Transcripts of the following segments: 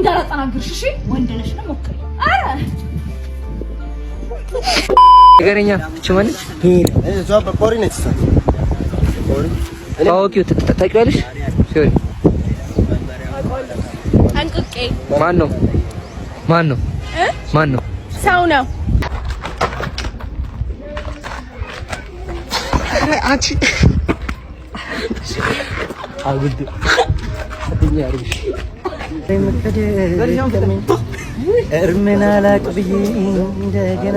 እንዳላጠናግርሽ እሺ። ወንድ ነሽ ነው ሞክሪ። አረ ነገረኛ ፍቺ ማለት ማን ነው? ማን ነው? ማን ነው? ሰው ነው። አንቺ እርምን አላቅ ብዬ እንደገና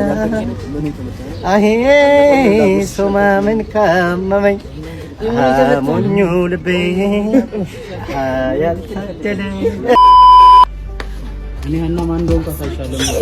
አሄ ሰው ካመመኝ ሞኙ ልቤ ያልታደለ እኔ እና ማንደውን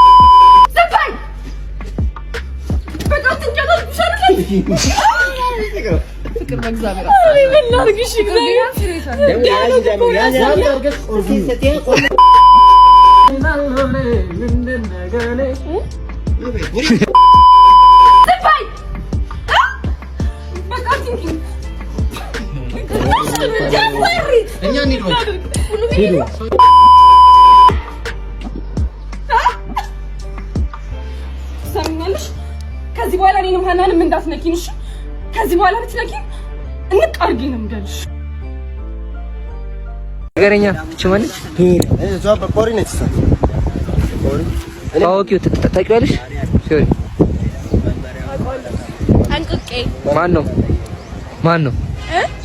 እኛ ከዚህ በኋላ እኔንም ሀናንም እንዳትነኪን እሺ? ከዚህ በኋላ ብትነኪን እንቅ አድርጌ ነው የምገልሽ። ነገረኛ ፍቺ ማለት እዛ በቆሪ ነች። ታወቂው ትጠጣቂዋለሽ? ሶሪ አንቁቄ ማን ነው? ማን ነው?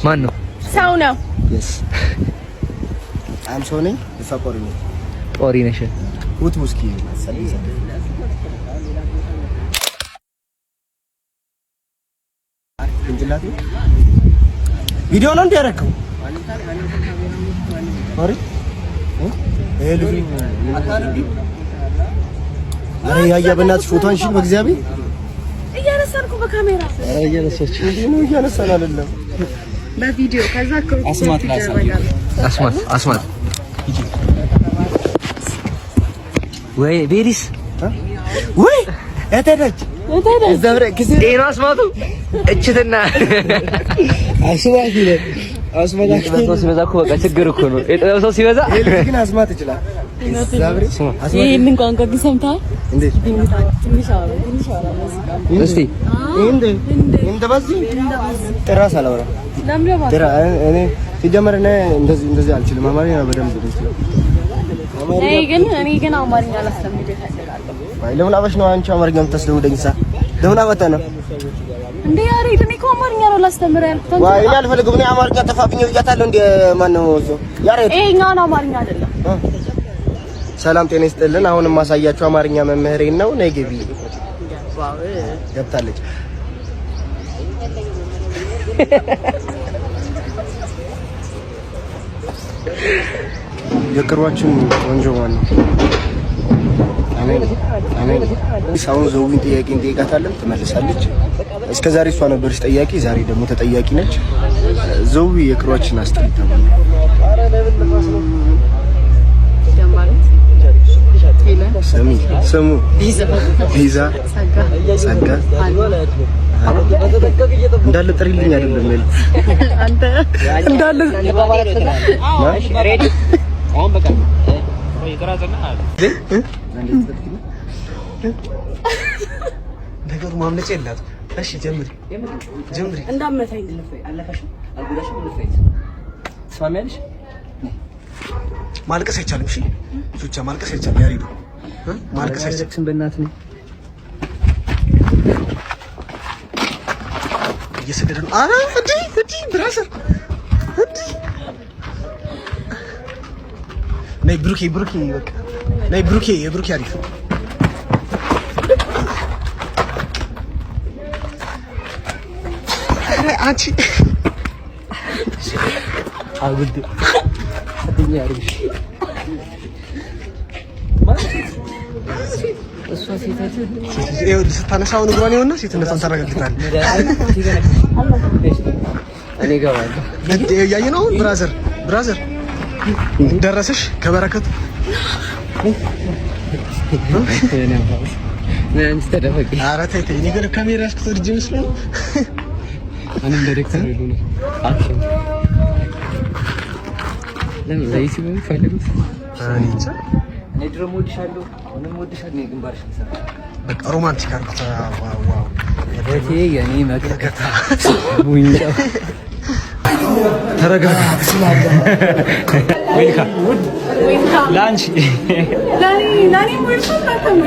ማን ነው? ሰው ነው። የስ አም ሰው ነኝ። እሷ ቆሪ ነሽ። ቆሪ ነሽ ውት ውስኪ ጭላቴ ቪዲዮ ነው እንዲያረከው ያያ በእናትሽ ፎቶ አንሺ። በእግዚአብሔር እያነሳንኩ በካሜራ እያነሳች ነው እያነሳን አይደለም፣ በቪዲዮ ከዛ አስማት አስማት አስማት ወይ ቤሪስ ወይ እተደች ችግር ነው። የጥበብ ሰው ሲበዛ ግን አስማት ይችላል። ይህንን ቋንቋ ግን ሰምተሃል? እስኪ አማርኛ አማርኛ አላስተምርም ለምን አበሽ ነው አንቺ አማርኛ የምታስደውደኝ? ሳ ለምን አበጠ ነው እንዴ? አሬ እኔ እኮ አማርኛ ነው ላስተምር ያልኩት። ወይ እኔ አልፈልግም። እኔ አማርኛ ጠፋብኝ ብያታለሁ። እንደ ማን ነው እሱ ያሬ እኛ ነው አማርኛ አይደለም። ሰላም ጤና ይስጥልን። አሁን የማሳያችሁ አማርኛ መምህሬ ነው። ነይ ግቢ። ገብታለች የቅርባችን ቆንጆ ማን ነው? አሜን አሁን ዘዊን ጥያቄ እንጠይቃታለን፣ ትመልሳለች። እስከ ዛሬ እሷ ነበረች ጠያቂ፣ ዛሬ ደግሞ ተጠያቂ ነች። ዘዊ የክሯችን አስጠይታ ስሚ ስሙ ቪዛ ጸጋ እንዳለ ጥሪልኝ አይደለም ያልኩት እንዳለ ነገሩ ማምለጫ የላት። እሺ ጀምሪ ጀምሪ። እንዳመታኝ ማልቀስ አይቻልም። እሺ ቹቻ ማልቀስ አይቻልም። ያሪዱ ማልቀስ አይቻልም። በእናት ነው እየሰደደ ነው። ኧረ እንዴ እንዴ እንዴ ነይ ብሩኬ፣ ብሩኬ በቃ ነይ ብሩኬ፣ የብሩኬ አሪፍ አንቺ አውድ አትኛ ያርግሽ እሷ ስታነሳው ንግሯን ሴትነቷን ታረጋግጣለህ። እኔ እገባለሁ። ነው። ብራዘር ብራዘር ደረሰሽ ከበረከቱ ኧረ ተይ ተይ እኔ ግን ካሜራ አንድ ዳይሬክተር ይሉና አክሽን ለምን እኔ ድሮም ወድሻለሁ፣ አሁንም ወድሻለሁ። ልሰራ በቃ ሮማንቲክ የኔ መከታ ቡንጫ ተረጋጋ። ላንቺ ላኒ ላኒ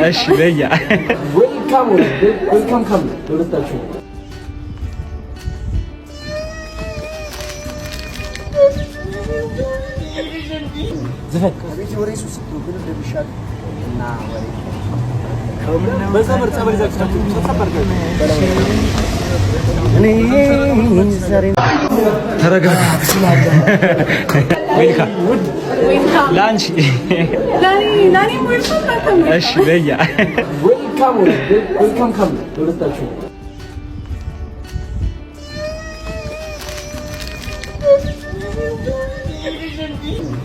እሺ ለያ ካም ዝፈን ተረጋጋ። ላንቺ እሺ፣ ለያ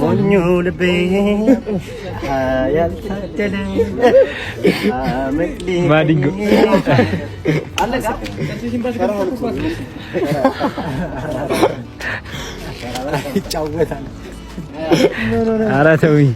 ሞኙ ልቤ ያልታደለ ማዲንጎ ይጫወታል። ኧረ ተውኝ